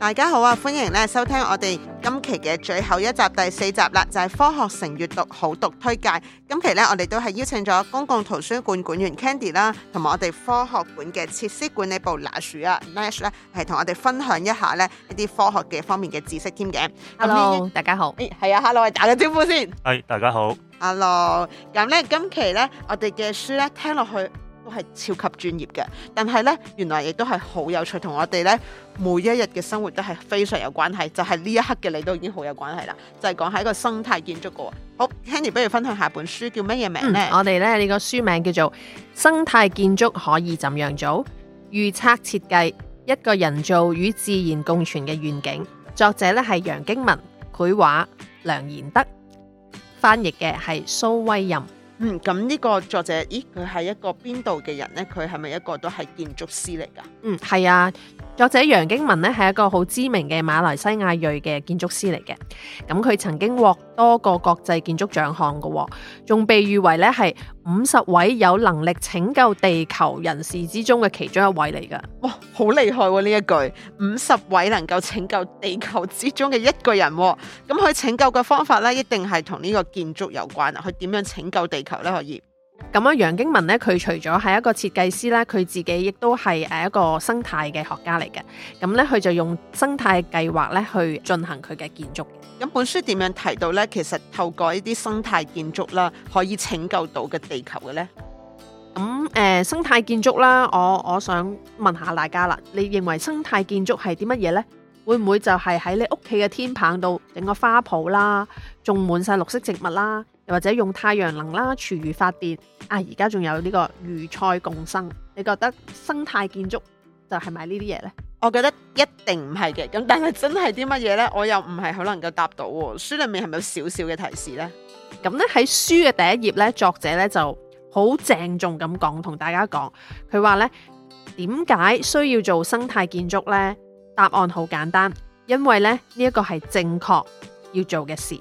大家好啊！歡迎嚟收聽我哋。今期嘅最後一集第四集啦，就係、是、科學城閱讀好讀推介。今期呢，我哋都係邀請咗公共圖書館館員 Candy 啦，同埋我哋科學館嘅設施管理部拿鼠啊 Nash 咧，係同我哋分享一下呢一啲科學嘅方面嘅知識添嘅。Hello，你大家好。誒、哎，係啊，Hello，打個招呼先。係，Hey，大家好。Hello，咁呢，今期呢，我哋嘅書呢，聽落去，都係超級專業嘅，但係呢，原來亦都係好有趣，同我哋呢每一日嘅生活都係非常有關係。就係、是、呢一刻嘅你都已經好有關係啦。就係、是、講一,一個生態建築個。好， 好 Hanny 不如分享下本書叫乜嘢名字呢？嗯、我哋咧呢、這個書名叫做《生態建築可以怎樣做？預測設計一個人造與自然共存嘅願景》，作者呢係楊經文，繪畫梁賢德，翻譯嘅係蘇威任。嗯，咁呢個作者，咦，佢係一個邊度嘅人呢？佢係咪一個都係建築師嚟㗎？嗯，係啊。作者楊經文咧，係一個好知名嘅馬來西亞裔嘅建築師嚟嘅，咁佢曾經獲多個國際建築獎項嘅，仲被譽為咧，係五十位有能力拯救地球人士之中嘅其中一位嚟噶。哇，好厲害喎，啊！呢一句五十位能夠拯救地球之中嘅一個人，咁佢拯救嘅方法咧一定係同呢個建築有關啊！佢點樣拯救地球咧？可以。咁啊，楊經文咧，佢除咗係一個設計師啦，佢自己亦都係誒一個生態嘅學家嚟嘅。咁咧，佢就用生態計劃咧去進行佢嘅建築。咁本書點樣提到咧？其實透過呢啲生態建築啦，可以拯救到個地球嘅咧。咁誒、呃，生態建築啦，我我想問下大家啦，你認為生態建築係啲乜嘢咧？會唔會就係喺你屋企嘅天棚度整個花圃啦，種滿晒綠色植物啦？又或者用太陽能啦，廚餘發電啊，而家仲有呢個魚菜共生，你覺得生態建築就係咪呢啲嘢呢？我覺得一定唔係嘅，咁但係真係啲乜嘢呢？我又唔係好能夠答到。書裏面係咪有少少嘅提示呢？咁呢，喺書嘅第一頁呢，作者呢就好鄭重咁講，同大家講，佢話呢點解需要做生態建築呢？答案好簡單，因為呢，呢一個係正確要做嘅事。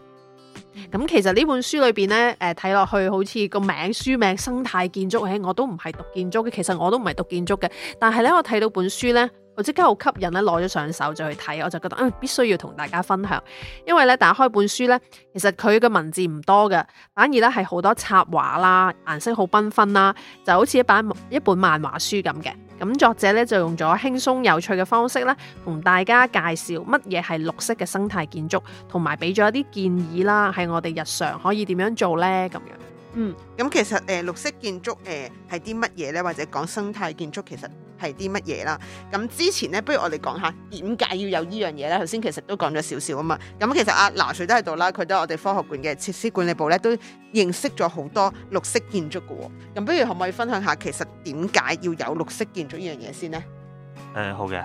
咁其實呢本書裏邊咧，誒睇落去好似個名書名生態建築，誒我都唔係讀建築嘅，其實我都唔係讀建築嘅。但係咧，我睇到本書咧，我即刻好吸引咧，攞咗上手就去睇，我就覺得，嗯，必須要同大家分享。因為咧，打開本書咧，其實佢嘅文字唔多嘅，反而咧係好多插畫啦，顏色好繽紛啦，就好似一版一本漫畫書咁嘅。咁作者咧就用咗輕鬆有趣嘅方式咧，同大家介紹乜嘢係綠色嘅生態建築，同埋俾咗一啲建議啦，係我哋日常可以點樣做呢？咁樣。嗯，咁其實誒、呃、綠色建築誒係啲乜嘢呢？或者講生態建築其實。係啲乜嘢啦？咁之前咧，不如我哋講下點解要有呢樣嘢咧？頭先其實都講咗少少啊嘛。咁其實阿、啊、拿除都喺度啦，佢都係我哋科學館嘅設施管理部咧都認識咗好多綠色建築嘅。咁不如可唔可以分享下其實點解要有綠色建築呢樣嘢先呢？誒、嗯，好嘅。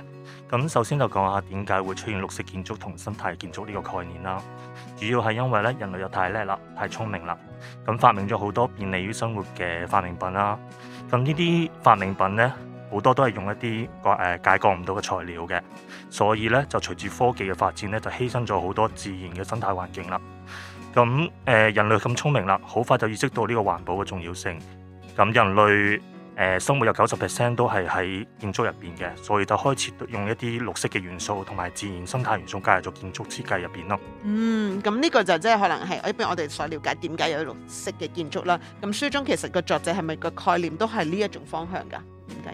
咁首先就講下點解會出現綠色建築同生態建築呢個概念啦。主要係因為咧，人類又太叻啦，太聰明啦，咁發明咗好多便利於生活嘅發明品啦。咁呢啲發明品咧。好多都係用一啲個誒解決唔到嘅材料嘅，所以咧就隨住科技嘅發展咧，就犧牲咗好多自然嘅生態環境啦。咁誒人類咁聰明啦，好快就意識到呢個環保嘅重要性。咁人類誒生活有九十 percent 都係喺建築入邊嘅，所以就開始用一啲綠色嘅元素同埋自然生態元素加入咗建築設計入邊咯。嗯，咁呢個就即係可能係，比如我哋所了解點解有綠色嘅建築啦。咁書中其實個作者係咪個概念都係呢一種方向㗎？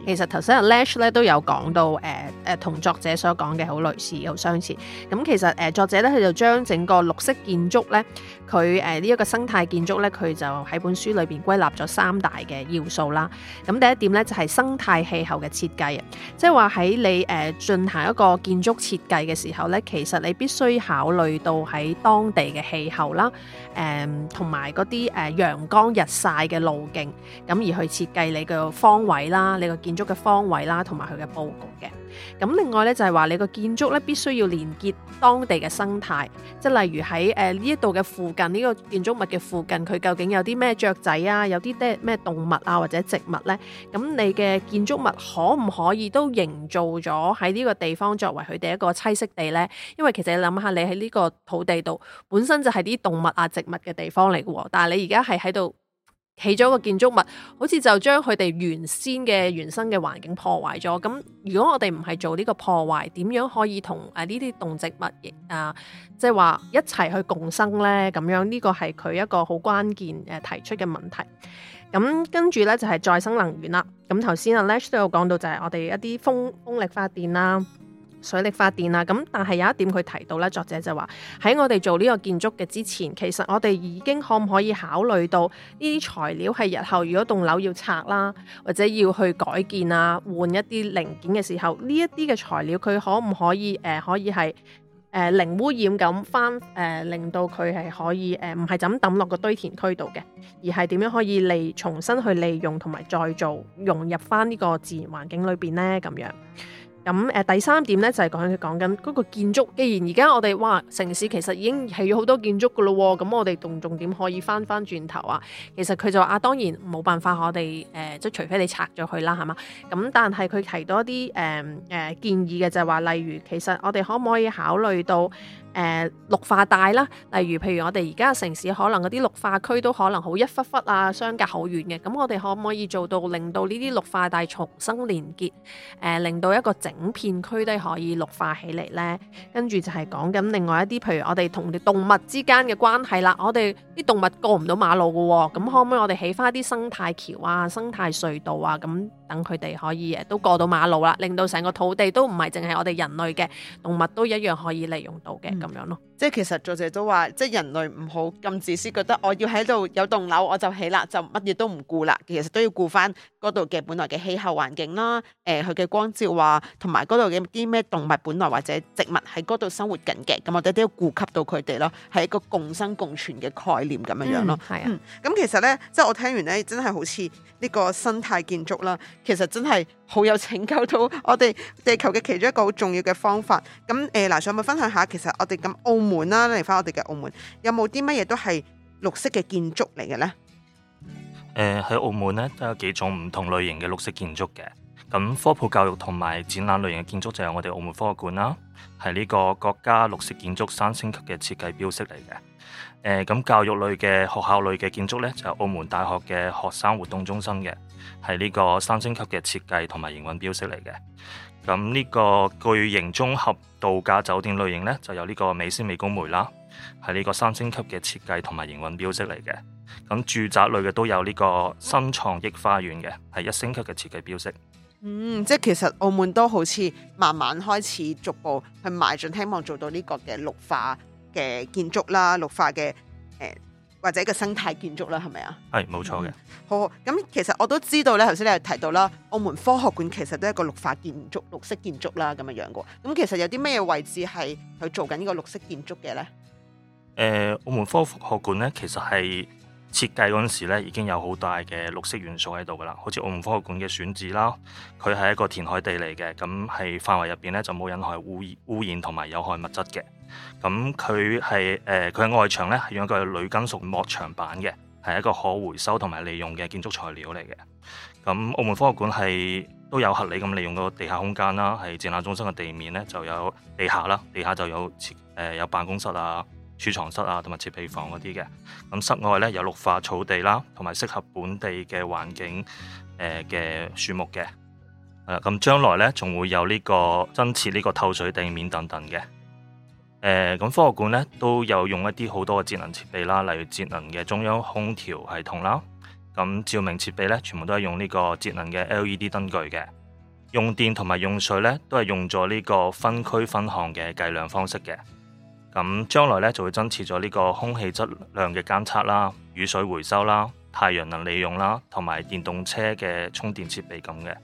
其實頭先阿 Lash 咧都有講到，誒誒同作者所講嘅好類似好相似。咁、嗯、其實誒、呃、作者咧佢就將整個綠色建築咧，佢誒呢一個生態建築咧，佢就喺本書裏邊歸納咗三大嘅要素啦。咁、嗯、第一點咧就係、是、生態氣候嘅設計，即係話喺你誒進、呃、行一個建築設計嘅時候咧，其實你必須考慮到喺當地嘅氣候啦，誒同埋嗰啲誒陽光日曬嘅路徑，咁、嗯、而去設計你嘅方位啦，你個。建築嘅方位啦，同埋佢嘅佈局嘅。咁另外咧，就係話你個建築咧，必須要連結當地嘅生態，即係例如喺誒呢一度嘅附近，呢個建築物嘅附近，佢究竟有啲咩雀仔啊，有啲咩動物啊，或者植物咧？咁你嘅建築物可唔可以都營造咗喺呢個地方作為佢哋一個棲息地咧？因為其實你諗下，你喺呢個土地度本身就係啲動物啊、植物嘅地方嚟嘅，但係你而家係喺度。起咗個建築物，好似就將佢哋原先嘅原生嘅環境破壞咗。咁如果我哋唔係做呢個破壞，點樣可以同誒呢啲動植物啊，即係話一齊去共生呢？咁樣呢個係佢一個好關鍵誒提出嘅問題。咁跟住呢，就係再生能源啦。咁頭先阿 Lash 都有講到就，就係我哋一啲風風力發電啦。水力發電啊，咁但係有一點佢提到咧，作者就話喺我哋做呢個建築嘅之前，其實我哋已經可唔可以考慮到呢啲材料係日後如果棟樓要拆啦，或者要去改建啊，換一啲零件嘅時候，呢一啲嘅材料佢可唔可以誒、呃、可以係誒、呃、零污染咁翻，誒、呃、令到佢係可以誒唔係就咁抌落個堆填區度嘅，而係點樣可以利重新去利用同埋再造融入翻呢個自然環境裏邊呢？咁樣。咁誒、呃、第三點咧就係、是、講緊講緊嗰個建築，既然而家我哋哇城市其實已經起咗好多建築噶咯，咁我哋仲仲點可以翻翻轉頭啊？其實佢就話啊，當然冇辦法我，我哋誒即除非你拆咗佢啦係嘛。咁但係佢提多一啲誒誒建議嘅就係、是、話，例如其實我哋可唔可以考慮到誒、呃、綠化帶啦？例如譬如我哋而家城市可能嗰啲綠化區都可能好一忽忽啊，相隔好遠嘅。咁我哋可唔可以做到令到呢啲綠化帶重新連結？誒、呃、令到一個整。五片區都可以綠化起嚟呢，跟住就係講緊另外一啲，譬如我哋同動物之間嘅關係啦，我哋。啲動物過唔到馬路嘅喎，咁可唔可以我哋起翻啲生態橋啊、生態隧道啊，咁等佢哋可以誒都過到馬路啦，令到成個土地都唔係淨係我哋人類嘅動物都一樣可以利用到嘅咁、嗯、樣咯。即係其實作者都話，即係人類唔好咁自私，覺得我要喺度有棟樓我就起啦，就乜嘢都唔顧啦。其實都要顧翻嗰度嘅本來嘅氣候環境啦，誒佢嘅光照啊，同埋嗰度嘅啲咩動物本來或者植物喺嗰度生活緊嘅，咁我哋都要顧及到佢哋咯，係一個共生共存嘅概念。咁樣樣咯，係啊、嗯，咁、嗯、其實咧，即係我聽完咧，真係好似呢個生態建築啦，其實真係好有拯救到我哋地球嘅其中一個好重要嘅方法。咁誒、嗱、呃，想唔想分享下？其實我哋咁澳門啦，嚟返我哋嘅澳門，有冇啲乜嘢都係綠色嘅建築嚟嘅咧？誒、呃，喺澳門咧都有幾種唔同類型嘅綠色建築嘅。咁科普教育同埋展覽類型嘅建築就係我哋澳門科學館啦，係呢個國家綠色建築三星級嘅設計標識嚟嘅。誒，咁教育類嘅學校類嘅建築呢，就係澳門大學嘅學生活動中心嘅，係呢個三星級嘅設計同埋營運標識嚟嘅。咁呢個巨型綜合度假酒店類型呢，就由呢個美思美高梅啦，係呢個三星級嘅設計同埋營運標識嚟嘅。咁住宅類嘅都有呢個新創益花園嘅，係一星級嘅設計標識。嗯，即係其實澳門都好似慢慢開始逐步去邁進，希望做到呢個嘅綠化嘅建築啦，綠化嘅誒、呃、或者一個生態建築啦，係咪啊？係冇錯嘅、嗯。好，咁其實我都知道咧，頭先你又提到啦，澳門科學館其實都係一個綠化建築、綠色建築啦，咁樣樣嘅。咁其實有啲咩位置係去做緊呢個綠色建築嘅咧？誒、呃，澳門科學、學館咧，其實係。設計嗰陣時咧，已經有好大嘅綠色元素喺度噶啦，好似澳門科學館嘅選址啦，佢係一個填海地嚟嘅，咁係範圍入邊咧就冇任何污染、污染同埋有害物質嘅。咁佢係誒佢嘅外牆咧係用一個鋁金屬幕牆板嘅，係一個可回收同埋利用嘅建築材料嚟嘅。咁澳門科學館係都有合理咁利用個地下空間啦，係展覽中心嘅地面咧就有地下啦，地下就有設誒、呃、有辦公室啊。儲藏室啊，同埋設備房嗰啲嘅。咁室外呢，有綠化草地啦，同埋適合本地嘅環境、呃、嘅樹木嘅。咁、啊、將來呢，仲會有呢個增設呢個透水地面等等嘅。咁、呃、科學館呢，都有用一啲好多嘅節能設備啦，例如節能嘅中央空調系統啦。咁、啊、照明設備呢，全部都係用呢個節能嘅 LED 燈具嘅。用電同埋用水呢，都係用咗呢個分區分項嘅計量方式嘅。咁將來咧就會增設咗呢個空氣質量嘅監測啦、雨水回收啦、太陽能利用啦，同埋電動車嘅充電設備咁嘅。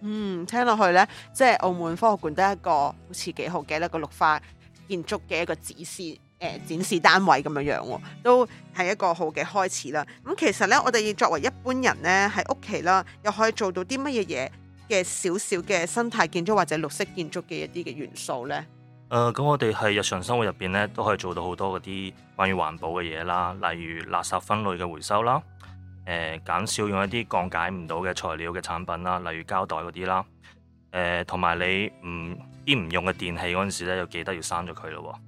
嗯，聽落去呢，即係澳門科學館都係一個好似幾好嘅一個綠化建築嘅一個展示誒、呃、展示單位咁樣樣，都係一個好嘅開始啦。咁、嗯、其實呢，我哋作為一般人呢，喺屋企啦，又可以做到啲乜嘢嘢嘅小小嘅生態建築或者綠色建築嘅一啲嘅元素呢？呃，咁我哋喺日常生活入邊咧，都可以做到好多嗰啲關於環保嘅嘢啦，例如垃圾分類嘅回收啦，誒、呃，減少用一啲降解唔到嘅材料嘅產品啦，例如膠袋嗰啲啦，誒、呃，同埋你唔啲唔用嘅電器嗰陣時咧，就記得要刪咗佢咯喎。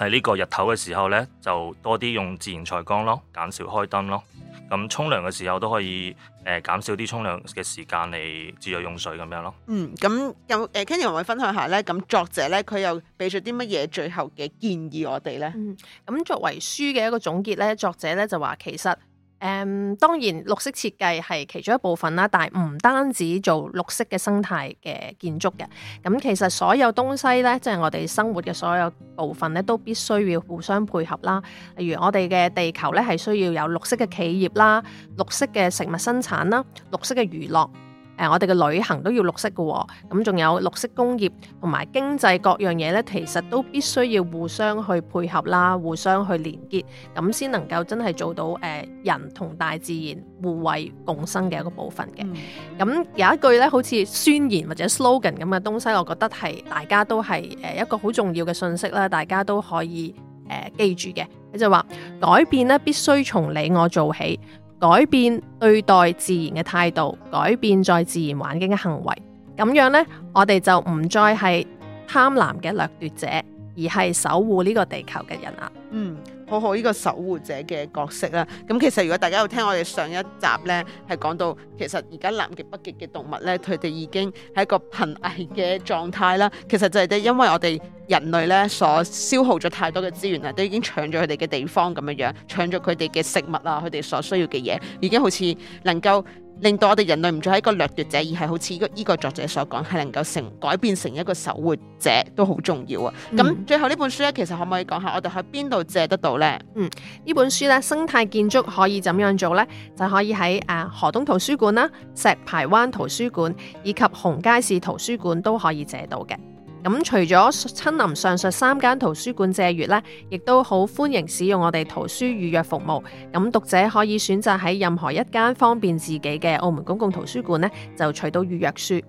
喺呢個日頭嘅時候咧，就多啲用自然採光咯，減少開燈咯。咁沖涼嘅時候都可以誒呃減少啲沖涼嘅時間嚟節約用水咁樣咯。嗯，咁有誒 Kenny 同我哋分享下咧，咁作者咧佢又俾咗啲乜嘢最後嘅建議我哋咧？嗯，咁作為書嘅一個總結咧，作者咧就話其實。誒當然綠色設計係其中一部分啦，但係唔單止做綠色嘅生態嘅建築嘅，咁其實所有東西咧，即係我哋生活嘅所有部分咧，都必須要互相配合啦。例如我哋嘅地球咧，係需要有綠色嘅企業啦、綠色嘅食物生產啦、綠色嘅娛樂。呃、我哋嘅旅行都要綠色嘅喎、哦，咁仲有綠色工業同埋經濟各樣嘢咧，其實都必須要互相去配合啦，互相去連結，咁先能夠真係做到、呃、人同大自然互惠共生嘅一個部分嘅。咁、嗯、有一句咧，好似宣言或者 slogan 咁嘅東西，我覺得係大家都係一個好重要嘅信息啦，大家都可以誒、呃、記住嘅。佢就話、是、改變咧必須從你我做起。改變對待自然嘅態度，改變在自然環境嘅行為，咁樣呢，我哋就唔再係貪婪嘅掠奪者，而係守護呢個地球嘅人啦！嗯，好好呢個守護者嘅角色啦。咁其實如果大家有聽我哋上一集呢，係講到其實而家南極、北極嘅動物呢，佢哋已經係一個瀕危嘅狀態啦。其實就係咧，因為我哋。人類咧所消耗咗太多嘅資源啊，都已經搶咗佢哋嘅地方咁樣樣，搶咗佢哋嘅食物啊，佢哋所需要嘅嘢，已經好似能夠令到我哋人類唔再係一個掠奪者，而係好似呢個作者所講，係能夠成改變成一個守護者都好重要啊。咁最後呢本書咧，其實可唔可以講下我哋喺邊度借得到呢？嗯，呢本書咧，生態建築可以怎樣做呢？就可以喺誒、啊、河東圖書館啦、石排灣圖書館以及紅街市圖書館都可以借到嘅。咁除咗親臨上述三間圖書館借閱咧，亦都好歡迎使用我哋圖書預約服務。咁讀者可以選擇喺任何一間方便自己嘅澳門公共圖書館咧，就取到預約書。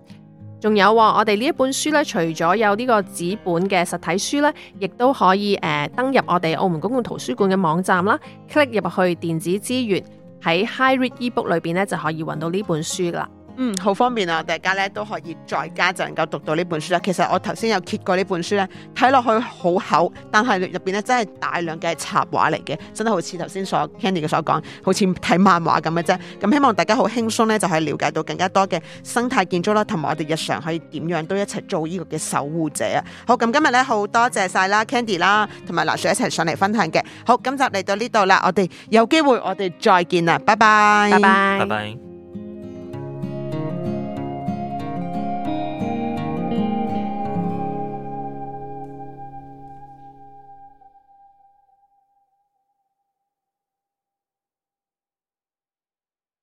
仲有我哋呢一本書咧，除咗有呢個紙本嘅實體書咧，亦都可以誒、呃，登入我哋澳門公共圖書館嘅網站啦，click 入去電子資源喺 High Read E-book 裏邊咧，就可以搵到呢本書啦。嗯，好方便啊！大家咧都可以在家就能夠讀到呢本書啦。其實我頭先有揭過呢本書咧，睇落去好厚，但係入邊咧真係大量嘅插畫嚟嘅，真係好似頭先所 Candy 嘅所講，好似睇漫畫咁嘅啫。咁希望大家好輕鬆咧就可以瞭解到更加多嘅生態建築啦，同埋我哋日常可以點樣都一齊做呢個嘅守護者啊！好，咁，今日咧好多謝晒啦，Candy 啦，同埋拿雪一齊上嚟分享嘅。好，今集嚟到呢度啦，我哋有機會我哋再見啦，拜，拜拜 bye，拜拜。